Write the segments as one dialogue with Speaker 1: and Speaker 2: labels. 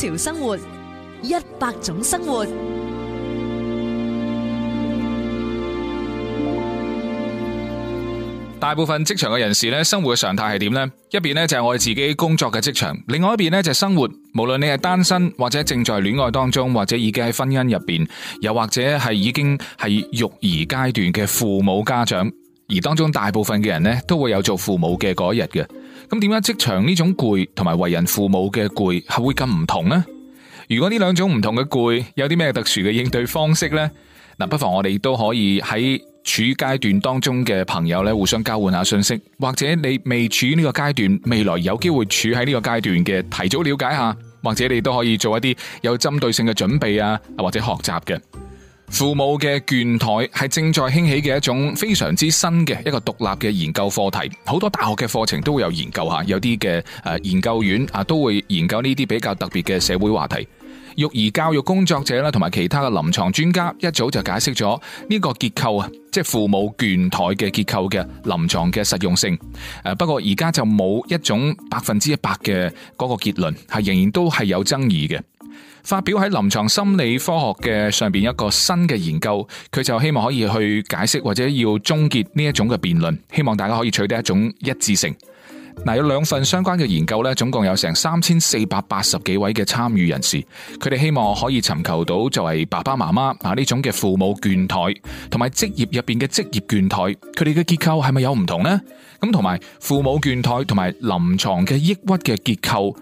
Speaker 1: 潮生活，一百種生活。大部分職場嘅人士咧，生活嘅常態係點呢？一邊咧就係我哋自己工作嘅職場，另外一邊咧就係生活。無論你係單身或者正在戀愛當中，或者已經喺婚姻入邊，又或者係已經係育兒階段嘅父母家長，而當中大部分嘅人咧都會有做父母嘅嗰日嘅。咁點解職場呢種攰同埋為人父母嘅攰係會咁唔同呢？如果呢兩種唔同嘅攰有啲咩特殊嘅應對方式呢？嗱，不妨我哋都可以喺處階段當中嘅朋友咧互相交換下信息，或者你未處於呢個階段，未來有機會處喺呢個階段嘅，提早了解下，或者你都可以做一啲有針對性嘅準備啊，或者學習嘅。父母嘅倦怠係正在興起嘅一種非常之新嘅一個獨立嘅研究課題，好多大學嘅課程都會有研究吓，有啲嘅誒研究院啊都會研究呢啲比較特別嘅社會話題。育兒教育工作者啦，同埋其他嘅臨牀專家一早就解釋咗呢個結構啊，即係父母倦怠嘅結構嘅臨牀嘅實用性。誒，不過而家就冇一種百分之一百嘅嗰個結論，係仍然都係有爭議嘅。發表喺臨床心理科學嘅上邊一個新嘅研究，佢就希望可以去解釋或者要終結呢一種嘅辯論，希望大家可以取得一種一致性。嗱，有兩份相關嘅研究呢，總共有成三千四百八十幾位嘅參與人士，佢哋希望可以尋求到作為爸爸媽媽啊呢種嘅父母倦怠、同埋職業入邊嘅職業倦怠，佢哋嘅結構係咪有唔同呢？咁同埋父母倦怠同埋臨床嘅抑鬱嘅結構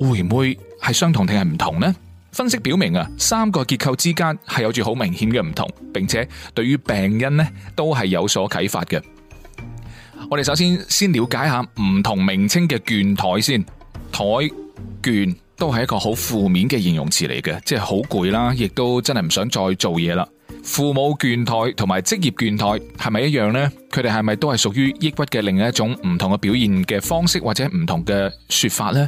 Speaker 1: 會唔會係相同定係唔同呢？分析表明啊，三個結構之間係有住好明顯嘅唔同，並且對於病因呢都係有所啟發嘅。我哋首先先了解下唔同名稱嘅倦怠先，怠倦都係一個好負面嘅形容詞嚟嘅，即係好攰啦，亦都真係唔想再做嘢啦。父母倦怠同埋職業倦怠係咪一樣呢？佢哋係咪都係屬於抑鬱嘅另一種唔同嘅表現嘅方式，或者唔同嘅說法呢？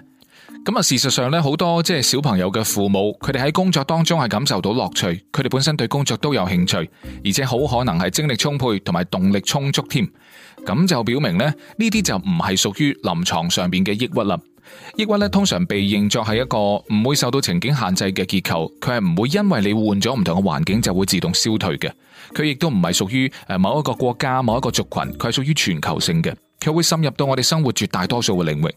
Speaker 1: 咁啊，事實上咧，好多即係小朋友嘅父母，佢哋喺工作當中係感受到樂趣，佢哋本身對工作都有興趣，而且好可能係精力充沛同埋動力充足添。咁就表明咧，呢啲就唔係屬於臨床上邊嘅抑鬱啦。抑鬱咧通常被認作係一個唔會受到情景限制嘅結構，佢係唔會因為你換咗唔同嘅環境就會自動消退嘅。佢亦都唔係屬於誒某一個國家、某一個族群，佢係屬於全球性嘅，佢會深入到我哋生活絕大多數嘅領域。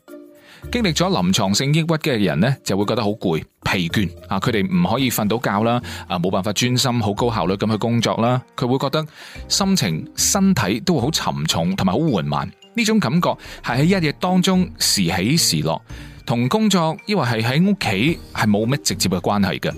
Speaker 1: 經歷咗臨床性抑鬱嘅人呢，就會覺得好攰，疲倦啊！佢哋唔可以瞓到覺啦，啊，冇辦法專心，好高效率咁去工作啦。佢會覺得心情，身體都會好沉重，同埋好緩慢。呢種感覺係喺一夜當中時起時落，同工作抑或係喺屋企係冇乜直接嘅關係嘅。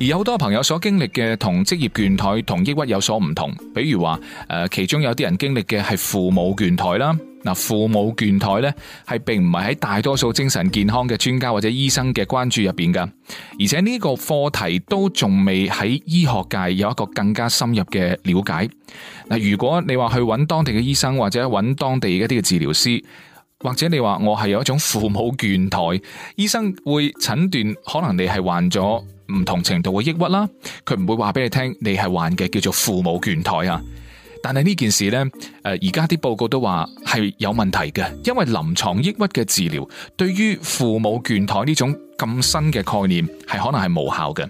Speaker 1: 而有好多朋友所經歷嘅同職業倦怠同抑鬱有所唔同，比如話誒，其中有啲人經歷嘅係父母倦怠啦。嗱，父母倦怠咧，係並唔係喺大多數精神健康嘅專家或者醫生嘅關注入邊噶，而且呢個課題都仲未喺醫學界有一個更加深入嘅了解。嗱，如果你話去揾當地嘅醫生或者揾當地一啲嘅治療師，或者你話我係有一種父母倦怠，醫生會診斷可能你係患咗唔同程度嘅抑鬱啦，佢唔會話俾你聽你係患嘅叫做父母倦怠啊。但係呢件事呢，誒、呃，而家啲報告都話係有問題嘅，因為臨牀抑鬱嘅治療對於父母倦怠呢種咁新嘅概念係可能係無效嘅。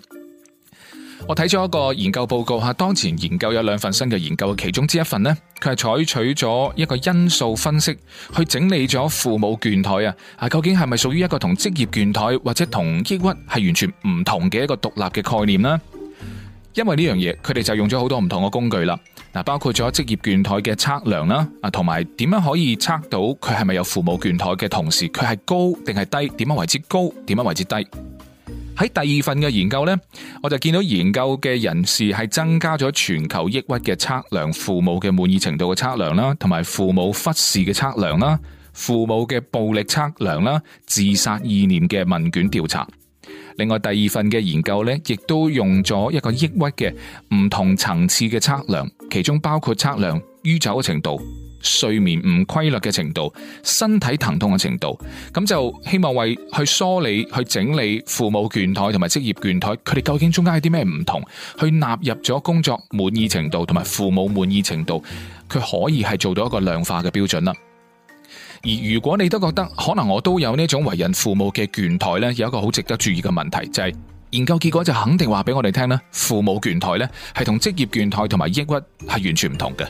Speaker 1: 我睇咗一個研究報告吓、啊，當前研究有兩份新嘅研究，其中之一份呢，佢係採取咗一個因素分析去整理咗父母倦怠啊，啊，究竟係咪屬於一個同職業倦怠或者同抑鬱係完全唔同嘅一個獨立嘅概念呢？因為呢樣嘢，佢哋就用咗好多唔同嘅工具啦，嗱，包括咗職業倦怠嘅測量啦，啊，同埋點樣可以測到佢係咪有父母倦怠嘅，同時佢係高定係低，點樣為之高，點樣為之低。喺第二份嘅研究呢，我就見到研究嘅人士係增加咗全球抑鬱嘅測量、父母嘅滿意程度嘅測量啦，同埋父母忽視嘅測量啦、父母嘅暴力測量啦、自殺意念嘅問卷調查。另外第二份嘅研究呢，亦都用咗一個抑鬱嘅唔同層次嘅測量，其中包括測量酗酒嘅程度、睡眠唔規律嘅程度、身體疼痛嘅程度，咁就希望為去梳理、去整理父母倦怠同埋職業倦怠，佢哋究竟中間有啲咩唔同，去納入咗工作滿意程度同埋父母滿意程度，佢可以係做到一個量化嘅標準啦。而如果你都覺得可能我都有呢種為人父母嘅倦怠呢，有一個好值得注意嘅問題就係研究結果就肯定話俾我哋聽啦，父母倦怠呢係同職業倦怠同埋抑鬱係完全唔同嘅。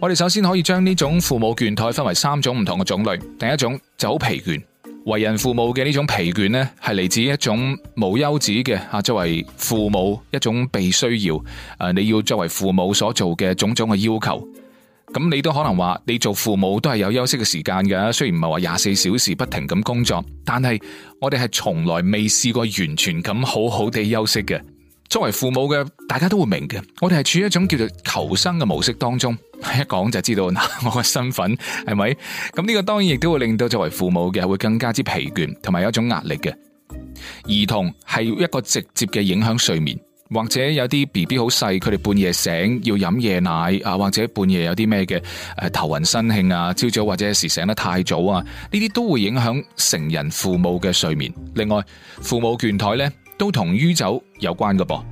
Speaker 1: 我哋首先可以將呢種父母倦怠分為三種唔同嘅種類。第一種就好疲倦，為人父母嘅呢種疲倦呢，係嚟自一種無休止嘅啊，作為父母一種被需要誒，你要作為父母所做嘅種種嘅要求。咁你都可能話，你做父母都係有休息嘅時間㗎，雖然唔係話廿四小時不停咁工作，但係我哋係從來未試過完全咁好好地休息㗎。作為父母嘅，大家都會明㗎，我哋係處於一種叫做求生嘅模式當中。一講就知道我嘅身份係咪？咁呢個當然亦都會令到作為父母嘅會更加之疲倦，同埋有一種壓力嘅。兒童係一個直接嘅影響睡眠。或者有啲 B B 好細，佢哋半夜醒要飲夜奶啊，或者半夜有啲咩嘅，誒頭暈身㷫啊，朝、啊、早或者有時醒得太早啊，呢啲都會影響成人父母嘅睡眠。另外，父母倦怠呢，都同酗酒有關㗎噃，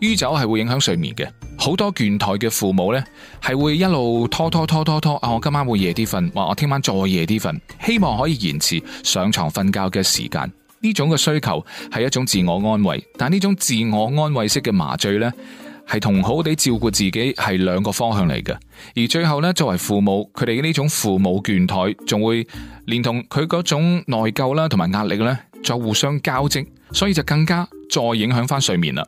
Speaker 1: 酗酒係會影響睡眠嘅。好多倦怠嘅父母呢，係會一路拖拖拖拖拖，拖啊，我今晚會夜啲瞓，話、啊、我聽晚再夜啲瞓，希望可以延遲上床瞓覺嘅時間。呢種嘅需求係一種自我安慰，但呢種自我安慰式嘅麻醉呢，係同好好地照顧自己係兩個方向嚟嘅。而最後呢，作為父母，佢哋嘅呢種父母倦怠，仲會連同佢嗰種內疚啦，同埋壓力呢，再互相交織，所以就更加再影響翻睡眠啦。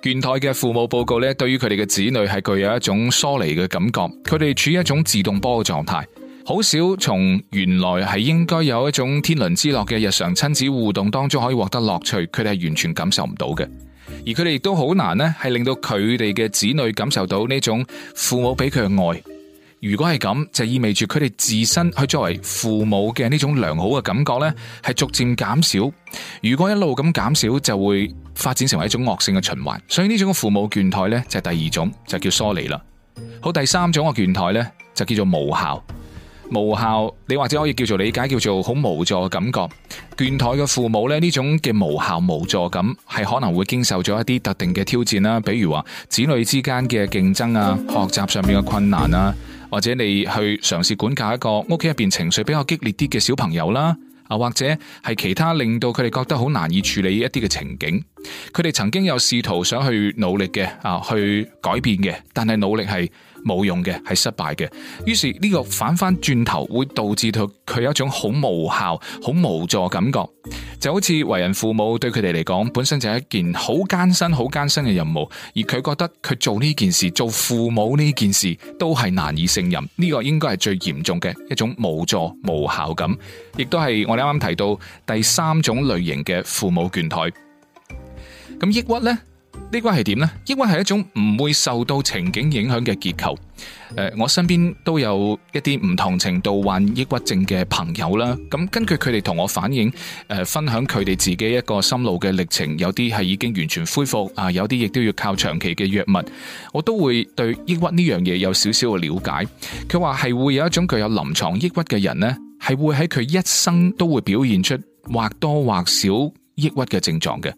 Speaker 1: 倦怠嘅父母報告呢，對於佢哋嘅子女係具有一種疏離嘅感覺，佢哋處於一種自動波嘅狀態。好少從原來係應該有一種天倫之樂嘅日常親子互動當中可以獲得樂趣，佢哋係完全感受唔到嘅。而佢哋亦都好難呢，係令到佢哋嘅子女感受到呢種父母俾佢嘅愛。如果係咁，就意味住佢哋自身去作為父母嘅呢種良好嘅感覺呢，係逐漸減少。如果一路咁減少，就會發展成為一種惡性嘅循環。所以呢種父母倦怠呢，就係第二種，就叫疏離啦。好，第三種嘅倦怠呢，就叫做無效。無效，你或者可以叫做理解，叫做好無助嘅感覺。倦怠嘅父母呢，呢種嘅無效無助感，係可能會經受咗一啲特定嘅挑戰啦，比如話子女之間嘅競爭啊，學習上面嘅困難啊，或者你去嘗試管教一個屋企入邊情緒比較激烈啲嘅小朋友啦，啊或者係其他令到佢哋覺得好難以處理一啲嘅情景。佢哋曾經有試圖想去努力嘅啊，去改變嘅，但係努力係冇用嘅，係失敗嘅。於是呢個反翻轉頭會導致到佢有一種好無效、好無助感覺，就好似為人父母對佢哋嚟講，本身就係一件好艱辛、好艱辛嘅任務，而佢覺得佢做呢件事、做父母呢件事都係難以勝任。呢個應該係最嚴重嘅一種無助、無效感，亦都係我哋啱啱提到第三種類型嘅父母倦怠。咁抑鬱呢？抑鬱係點呢？抑鬱係一種唔會受到情景影響嘅結構。誒、呃，我身邊都有一啲唔同程度患抑鬱症嘅朋友啦。咁、嗯、根據佢哋同我反映，誒、呃，分享佢哋自己一個心路嘅歷程，有啲係已經完全恢復，啊，有啲亦都要靠長期嘅藥物。我都會對抑鬱呢樣嘢有少少嘅了解。佢話係會有一種具有臨床抑鬱嘅人呢，係會喺佢一生都會表現出或多或少抑鬱嘅症狀嘅。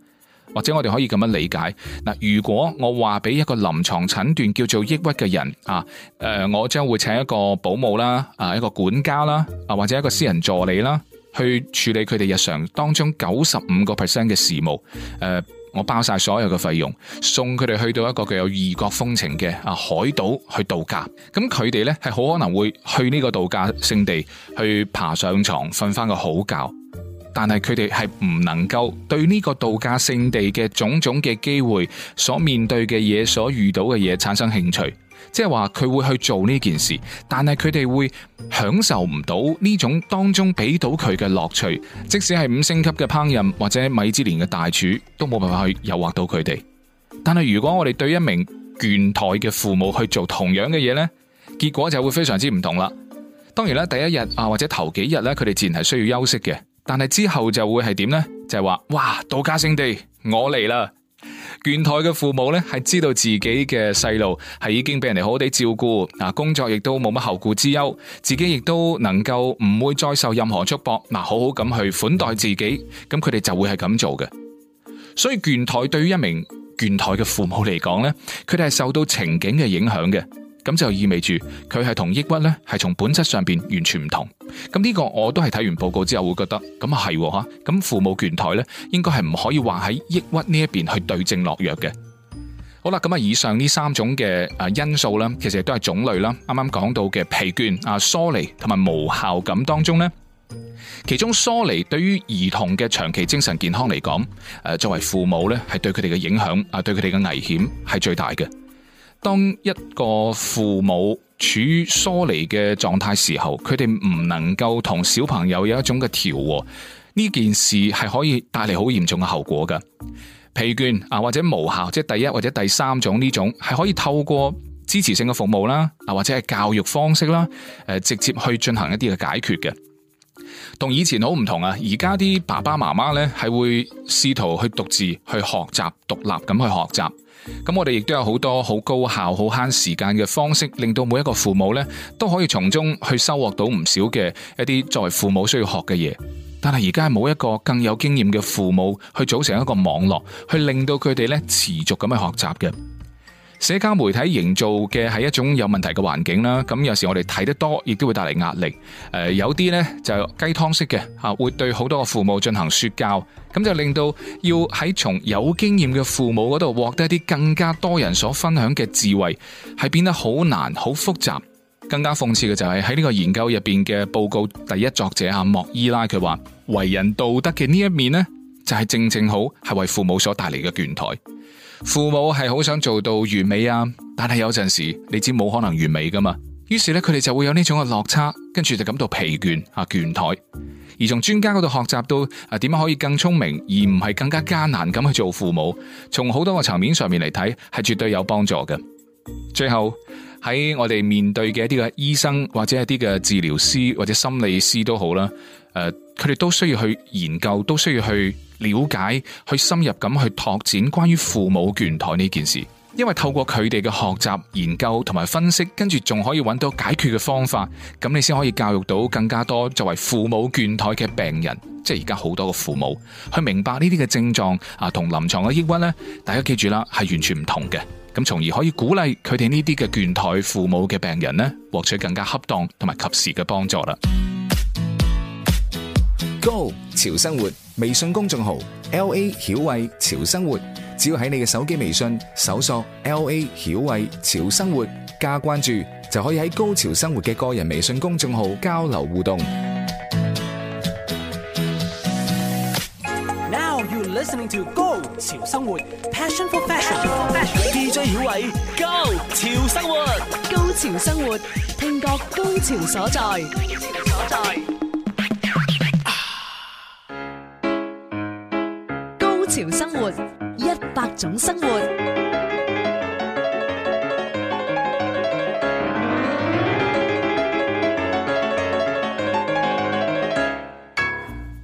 Speaker 1: 或者我哋可以咁樣理解嗱，如果我話俾一個臨床診斷叫做抑鬱嘅人啊，誒，我將會請一個保姆啦，啊，一個管家啦，啊，或者一個私人助理啦，去處理佢哋日常當中九十五個 percent 嘅事務。誒、啊，我包晒所有嘅費用，送佢哋去到一個具有異國風情嘅啊海島去度假。咁佢哋咧係好可能會去呢個度假勝地去爬上床瞓翻個好覺。但係佢哋係唔能夠對呢個度假勝地嘅種種嘅機會，所面對嘅嘢，所遇到嘅嘢產生興趣，即係話佢會去做呢件事，但係佢哋會享受唔到呢種當中俾到佢嘅樂趣，即使係五星級嘅烹飪或者米芝蓮嘅大廚，都冇辦法去誘惑到佢哋。但係如果我哋對一名倦怠嘅父母去做同樣嘅嘢呢，結果就會非常之唔同啦。當然啦，第一日啊或者頭幾日咧，佢哋自然係需要休息嘅。但係之後就會係點呢？就係、是、話哇度假聖地，我嚟啦！倦怠嘅父母呢，係知道自己嘅細路係已經俾人哋好好地照顧，嗱，工作亦都冇乜後顧之憂，自己亦都能夠唔會再受任何束縛，嗱，好好咁去款待自己，咁佢哋就會係咁做嘅。所以倦怠對於一名倦怠嘅父母嚟講呢，佢哋係受到情景嘅影響嘅。咁就意味住佢係同抑鬱咧，係從本質上邊完全唔同。咁呢個我都係睇完報告之後會覺得，咁啊，係吓。咁父母倦怠咧，應該係唔可以話喺抑鬱呢一邊去對症落藥嘅。好啦，咁啊，以上呢三種嘅誒因素咧，其實亦都係種類啦。啱啱講到嘅疲倦啊、疏離同埋無效感當中咧，其中疏離對於兒童嘅長期精神健康嚟講，誒作為父母咧，係對佢哋嘅影響啊，對佢哋嘅危險係最大嘅。當一個父母處於疏離嘅狀態時候，佢哋唔能夠同小朋友有一種嘅調和，呢件事係可以帶嚟好嚴重嘅後果㗎。疲倦啊，或者無效，即係第一或者第三種呢種，係可以透過支持性嘅服務啦，啊或者係教育方式啦，誒直接去進行一啲嘅解決嘅。同以前好唔同啊，而家啲爸爸媽媽咧係會試圖去獨自去學習、獨立咁去學習。咁我哋亦都有好多好高效、好慳時間嘅方式，令到每一個父母呢都可以從中去收穫到唔少嘅一啲作為父母需要學嘅嘢。但係而家係冇一個更有經驗嘅父母去組成一個網絡，去令到佢哋呢持續咁去學習嘅。社交媒體營造嘅係一種有問題嘅環境啦，咁有時我哋睇得多，亦都會帶嚟壓力。誒、呃，有啲呢就雞湯式嘅，吓會對好多個父母進行說教，咁就令到要喺從有經驗嘅父母嗰度獲得一啲更加多人所分享嘅智慧，係變得好難、好複雜。更加諷刺嘅就係喺呢個研究入邊嘅報告第一作者阿莫伊拉佢話，為人道德嘅呢一面呢，就係、是、正正好係為父母所帶嚟嘅倦怠。父母係好想做到完美啊，但係有陣時你知冇可能完美噶嘛，於是咧佢哋就會有呢種嘅落差，跟住就感到疲倦啊、倦怠。而從專家嗰度學習到啊，點樣可以更聰明，而唔係更加艱難咁去做父母，從好多個層面上面嚟睇係絕對有幫助嘅。最後，喺我哋面對嘅一啲嘅醫生或者一啲嘅治療師或者心理師都好啦。誒，佢哋，呃、都需要去研究，都需要去了解，去深入咁去拓展關於父母倦怠呢件事。因為透過佢哋嘅學習、研究同埋分析，跟住仲可以揾到解決嘅方法。咁你先可以教育到更加多作為父母倦怠嘅病人，即係而家好多嘅父母去明白呢啲嘅症狀啊，同臨床嘅抑鬱咧，大家記住啦，係完全唔同嘅。咁從而可以鼓勵佢哋呢啲嘅倦怠父母嘅病人咧，獲取更加恰當同埋及時嘅幫助啦。Go 潮生活微信公眾號，LA 曉慧潮生活，只要喺你嘅手機微信搜索 LA 曉慧潮生活加關注，就可以喺高潮生活嘅個人微信公眾號交流互動。Now you're listening to Go 潮生活，Passion for fashion，DJ 曉慧，Go 潮生活，高潮生活，聽覺高潮所在。所在。種生活。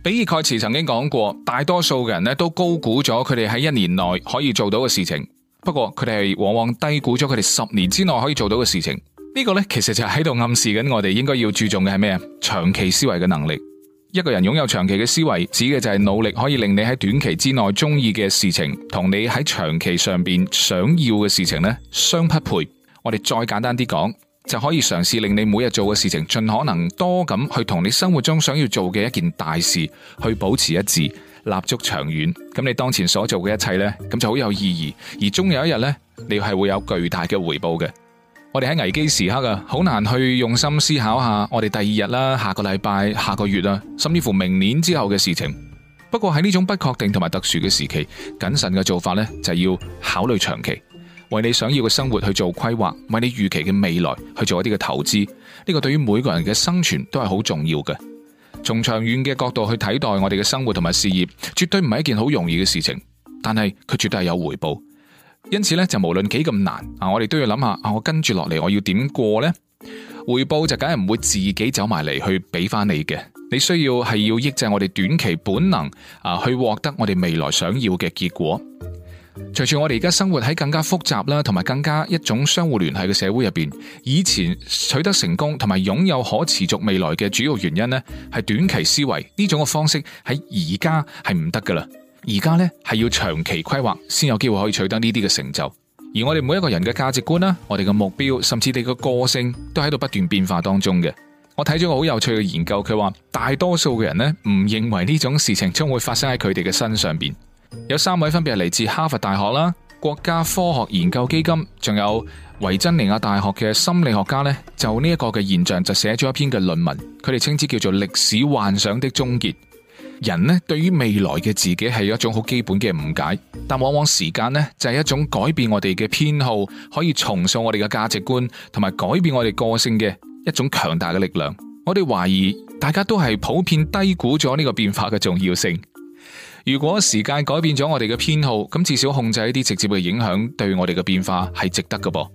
Speaker 1: 比爾蓋茨曾經講過，大多數嘅人咧都高估咗佢哋喺一年內可以做到嘅事情，不過佢哋係往往低估咗佢哋十年之內可以做到嘅事情。呢個咧其實就係喺度暗示緊我哋應該要注重嘅係咩？長期思維嘅能力。一個人擁有長期嘅思維，指嘅就係努力可以令你喺短期之內中意嘅事情，同你喺長期上邊想要嘅事情呢相匹配。我哋再簡單啲講，就可以嘗試令你每日做嘅事情，盡可能多咁去同你生活中想要做嘅一件大事去保持一致，立足長遠。咁你當前所做嘅一切呢，咁就好有意義。而終有一日呢，你係會有巨大嘅回報嘅。我哋喺危機時刻啊，好難去用心思考下，我哋第二日啦，下個禮拜、下個月啊，甚至乎明年之後嘅事情。不過喺呢種不確定同埋特殊嘅時期，謹慎嘅做法呢，就要考慮長期，為你想要嘅生活去做規劃，為你預期嘅未來去做一啲嘅投資。呢個對於每個人嘅生存都係好重要嘅。從長遠嘅角度去睇待我哋嘅生活同埋事業，絕對唔係一件好容易嘅事情，但係佢絕對係有回報。因此咧，就無論幾咁難啊，我哋都要諗下啊，我跟住落嚟我要點過呢？回報就梗係唔會自己走埋嚟去俾翻你嘅。你需要係要抑制我哋短期本能啊，去獲得我哋未來想要嘅結果。隨住我哋而家生活喺更加複雜啦，同埋更加一種相互聯繫嘅社會入邊，以前取得成功同埋擁有可持續未來嘅主要原因呢，係短期思維。呢種嘅方式喺而家係唔得噶啦。而家咧係要長期規劃，先有機會可以取得呢啲嘅成就。而我哋每一個人嘅價值觀啦，我哋嘅目標，甚至你嘅個性，都喺度不斷變化當中嘅。我睇咗個好有趣嘅研究，佢話大多數嘅人呢，唔認為呢種事情將會發生喺佢哋嘅身上邊。有三位分別係嚟自哈佛大學啦、國家科學研究基金，仲有維珍尼亞大學嘅心理學家呢，就呢一個嘅現象，就寫咗一篇嘅論文，佢哋稱之叫做歷史幻想的終結。人咧對於未來嘅自己係有一種好基本嘅誤解，但往往時間咧就係一種改變我哋嘅偏好，可以重塑我哋嘅價值觀，同埋改變我哋個性嘅一種強大嘅力量。我哋懷疑大家都係普遍低估咗呢個變化嘅重要性。如果時間改變咗我哋嘅偏好，咁至少控制一啲直接嘅影響對我哋嘅變化係值得㗎噃。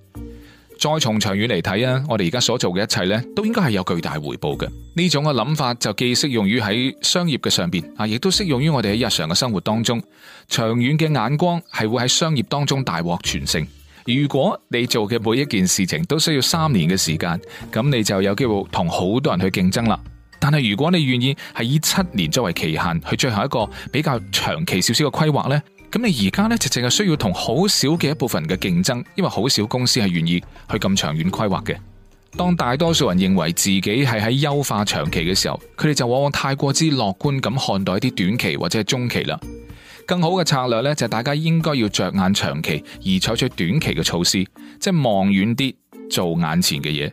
Speaker 1: 再從長遠嚟睇啊，我哋而家所做嘅一切咧，都應該係有巨大回報嘅。呢種嘅諗法就既適用於喺商業嘅上邊啊，亦都適用於我哋喺日常嘅生活當中。長遠嘅眼光係會喺商業當中大獲全勝。如果你做嘅每一件事情都需要三年嘅時間，咁你就有機會同好多人去競爭啦。但係如果你願意係以七年作為期限去進行一個比較長期少少嘅規劃呢？咁你而家咧就淨係需要同好少嘅一部分嘅競爭，因為好少公司係願意去咁長遠規劃嘅。當大多數人認為自己係喺優化長期嘅時候，佢哋就往往太過之樂觀咁看待一啲短期或者係中期啦。更好嘅策略咧就係大家應該要着眼長期而採取短期嘅措施，即係望遠啲做眼前嘅嘢。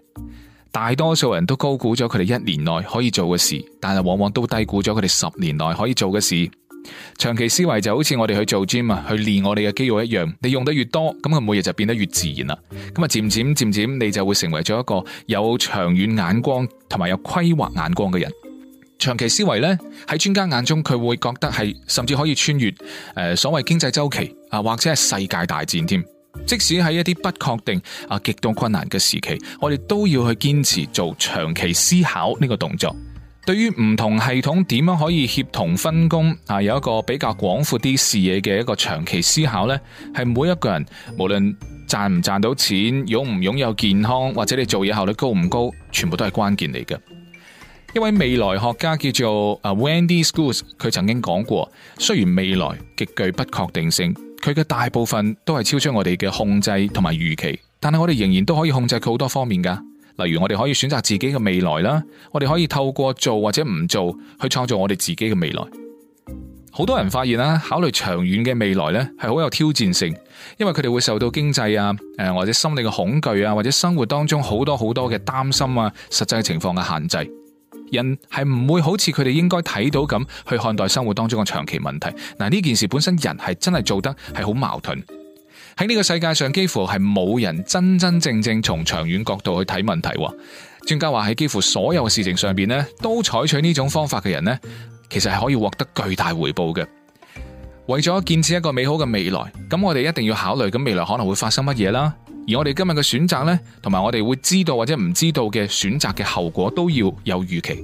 Speaker 1: 大多數人都高估咗佢哋一年內可以做嘅事，但係往往都低估咗佢哋十年內可以做嘅事。長期思維就好似我哋去做 gym 啊，去練我哋嘅肌肉一樣。你用得越多，咁佢每日就變得越自然啦。咁啊，漸漸漸漸，你就會成為咗一個有長遠眼光同埋有規劃眼光嘅人。長期思維呢，喺專家眼中，佢會覺得係甚至可以穿越誒、呃、所謂經濟週期啊，或者係世界大戰添。即使喺一啲不確定啊、極度困難嘅時期，我哋都要去堅持做長期思考呢個動作。對於唔同系統點樣可以協同分工啊，有一個比較廣闊啲視野嘅一個長期思考呢，係每一個人無論賺唔賺到錢，擁唔擁有健康，或者你做嘢效率高唔高，全部都係關鍵嚟嘅。一位未來學家叫做 Wendy Schools，佢曾經講過，雖然未來極具不確定性，佢嘅大部分都係超出我哋嘅控制同埋預期，但係我哋仍然都可以控制佢好多方面噶。例如我哋可以選擇自己嘅未來啦，我哋可以透過做或者唔做去創造我哋自己嘅未來。好多人發現啦，考慮長遠嘅未來咧，係好有挑戰性，因為佢哋會受到經濟啊，誒或者心理嘅恐懼啊，或者生活當中好多好多嘅擔心啊，實際情況嘅限制，人係唔會好似佢哋應該睇到咁去看待生活當中嘅長期問題。嗱，呢件事本身，人係真係做得係好矛盾。喺呢個世界上，幾乎係冇人真真正正從長遠角度去睇問題。專家話喺幾乎所有嘅事情上邊呢，都採取呢種方法嘅人呢，其實係可以獲得巨大回報嘅。為咗建設一個美好嘅未來，咁我哋一定要考慮咁未來可能會發生乜嘢啦。而我哋今日嘅選擇呢，同埋我哋會知道或者唔知道嘅選擇嘅後果，都要有預期。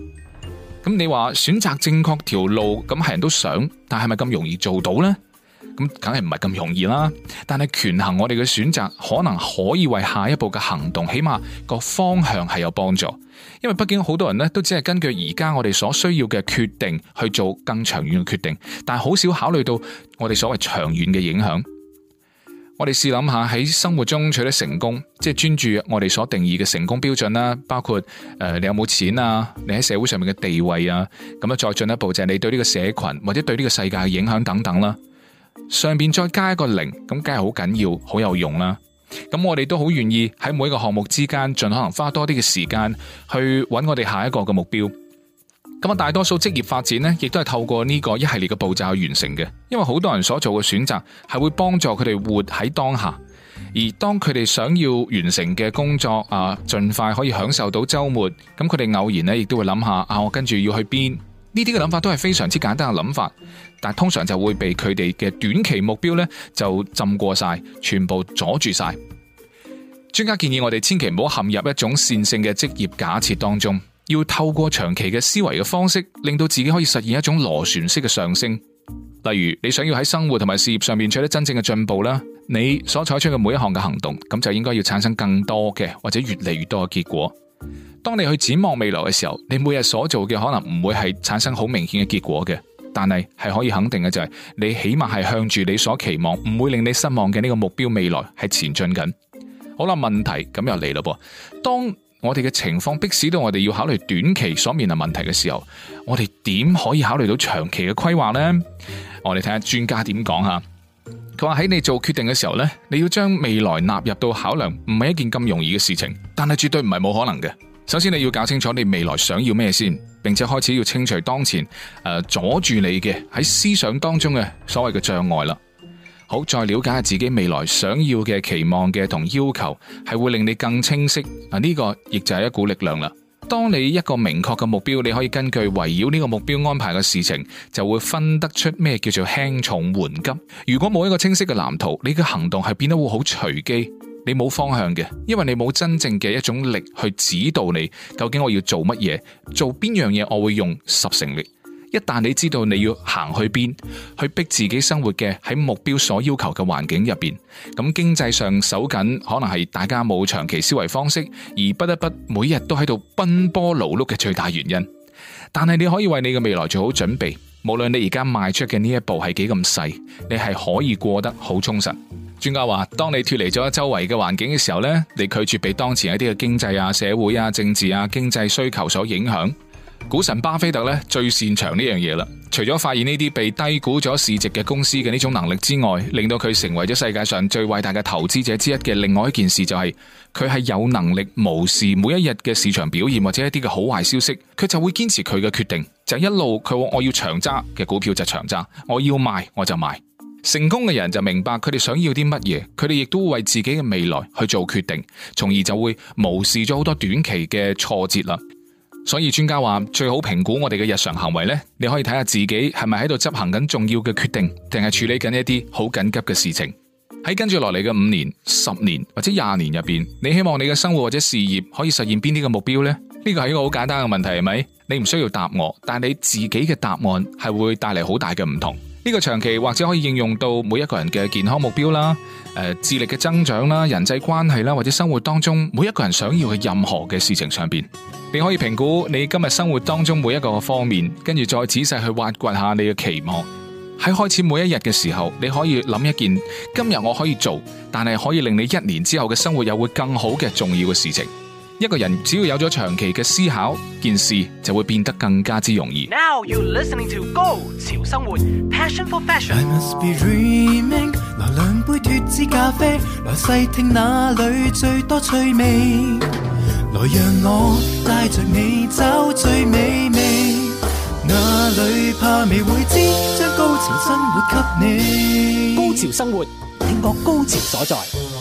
Speaker 1: 咁你話選擇正確條路，咁係人都想，但係咪咁容易做到呢？咁梗係唔係咁容易啦，但係權衡我哋嘅選擇，可能可以為下一步嘅行動，起碼個方向係有幫助。因為畢竟好多人呢都只係根據而家我哋所需要嘅決定去做更長遠嘅決定，但係好少考慮到我哋所謂長遠嘅影響。我哋試諗下喺生活中取得成功，即係專注我哋所定義嘅成功標準啦，包括誒你有冇錢啊，你喺社會上面嘅地位啊，咁啊再進一步就係你對呢個社群或者對呢個世界嘅影響等等啦。上邊再加一個零，咁梗係好緊要，好有用啦。咁我哋都好願意喺每一個項目之間，盡可能花多啲嘅時間去揾我哋下一個嘅目標。咁啊，大多數職業發展呢，亦都係透過呢個一系列嘅步驟去完成嘅。因為好多人所做嘅選擇係會幫助佢哋活喺當下，而當佢哋想要完成嘅工作啊，盡快可以享受到周末，咁佢哋偶然呢，亦都會諗下啊，我跟住要去邊。呢啲嘅諗法都係非常之簡單嘅諗法，但通常就會被佢哋嘅短期目標呢就浸過晒，全部阻住晒。專家建議我哋千祈唔好陷入一種線性嘅職業假設當中，要透過長期嘅思維嘅方式，令到自己可以實現一種螺旋式嘅上升。例如，你想要喺生活同埋事業上面取得真正嘅進步啦，你所採取嘅每一項嘅行動，咁就應該要產生更多嘅或者越嚟越多嘅結果。當你去展望未來嘅時候，你每日所做嘅可能唔會係產生好明顯嘅結果嘅，但係係可以肯定嘅就係你起碼係向住你所期望，唔會令你失望嘅呢個目標未來係前進緊。好啦，問題咁又嚟咯噃，當我哋嘅情況迫使到我哋要考慮短期所面臨問題嘅時候，我哋點可以考慮到長期嘅規劃呢？我哋睇下專家點講吓。佢話喺你做決定嘅時候呢，你要將未來納入到考量，唔係一件咁容易嘅事情，但係絕對唔係冇可能嘅。首先你要搞清楚你未來想要咩先，並且開始要清除當前誒、呃、阻住你嘅喺思想當中嘅所謂嘅障礙啦。好，再了解下自己未來想要嘅期望嘅同要求，係會令你更清晰。啊，呢個亦就係一股力量啦。當你一個明確嘅目標，你可以根據圍繞呢個目標安排嘅事情，就會分得出咩叫做輕重緩急。如果冇一個清晰嘅藍圖，你嘅行動係變得會好隨機，你冇方向嘅，因為你冇真正嘅一種力去指導你，究竟我要做乜嘢，做邊樣嘢我會用十成力。一旦你知道你要行去邊，去逼自己生活嘅喺目標所要求嘅環境入邊，咁經濟上守緊，可能係大家冇長期思維方式而不得不每日都喺度奔波勞碌嘅最大原因。但係你可以為你嘅未來做好準備，無論你而家邁出嘅呢一步係幾咁細，你係可以過得好充實。專家話：當你脱離咗周圍嘅環境嘅時候咧，你拒絕俾當前一啲嘅經濟啊、社會啊、政治啊、經濟需求所影響。股神巴菲特咧最擅長呢樣嘢啦，除咗發現呢啲被低估咗市值嘅公司嘅呢種能力之外，令到佢成為咗世界上最偉大嘅投資者之一嘅另外一件事就係佢係有能力無視每一日嘅市場表現或者一啲嘅好壞消息，佢就會堅持佢嘅決定，就一路佢話我要長揸嘅股票就長揸，我要賣我就賣。成功嘅人就明白佢哋想要啲乜嘢，佢哋亦都為自己嘅未來去做決定，從而就會無視咗好多短期嘅挫折啦。所以專家話最好評估我哋嘅日常行為呢，你可以睇下自己係咪喺度執行緊重要嘅決定，定係處理緊一啲好緊急嘅事情。喺跟住落嚟嘅五年、十年或者廿年入邊，你希望你嘅生活或者事業可以實現邊啲嘅目標呢？呢個係一個好簡單嘅問題，係咪？你唔需要答我，但你自己嘅答案係會帶嚟好大嘅唔同。呢個長期或者可以應用到每一個人嘅健康目標啦，誒、呃，智力嘅增長啦，人際關係啦，或者生活當中每一個人想要嘅任何嘅事情上邊，你可以評估你今日生活當中每一個方面，跟住再仔細去挖掘下你嘅期望。喺開始每一日嘅時候，你可以諗一件今日我可以做，但係可以令你一年之後嘅生活又會更好嘅重要嘅事情。一個人只要有咗長期嘅思考，件事就會變得更加之容易。Now you're listening to 高潮生活，Passion for fashion。I must be dreaming。拿兩杯脫脂咖啡，來細聽那裏最多趣味。來讓我帶着你找最美味，哪裏怕未會知將高潮生活給你。高潮生活，聽我高潮所在。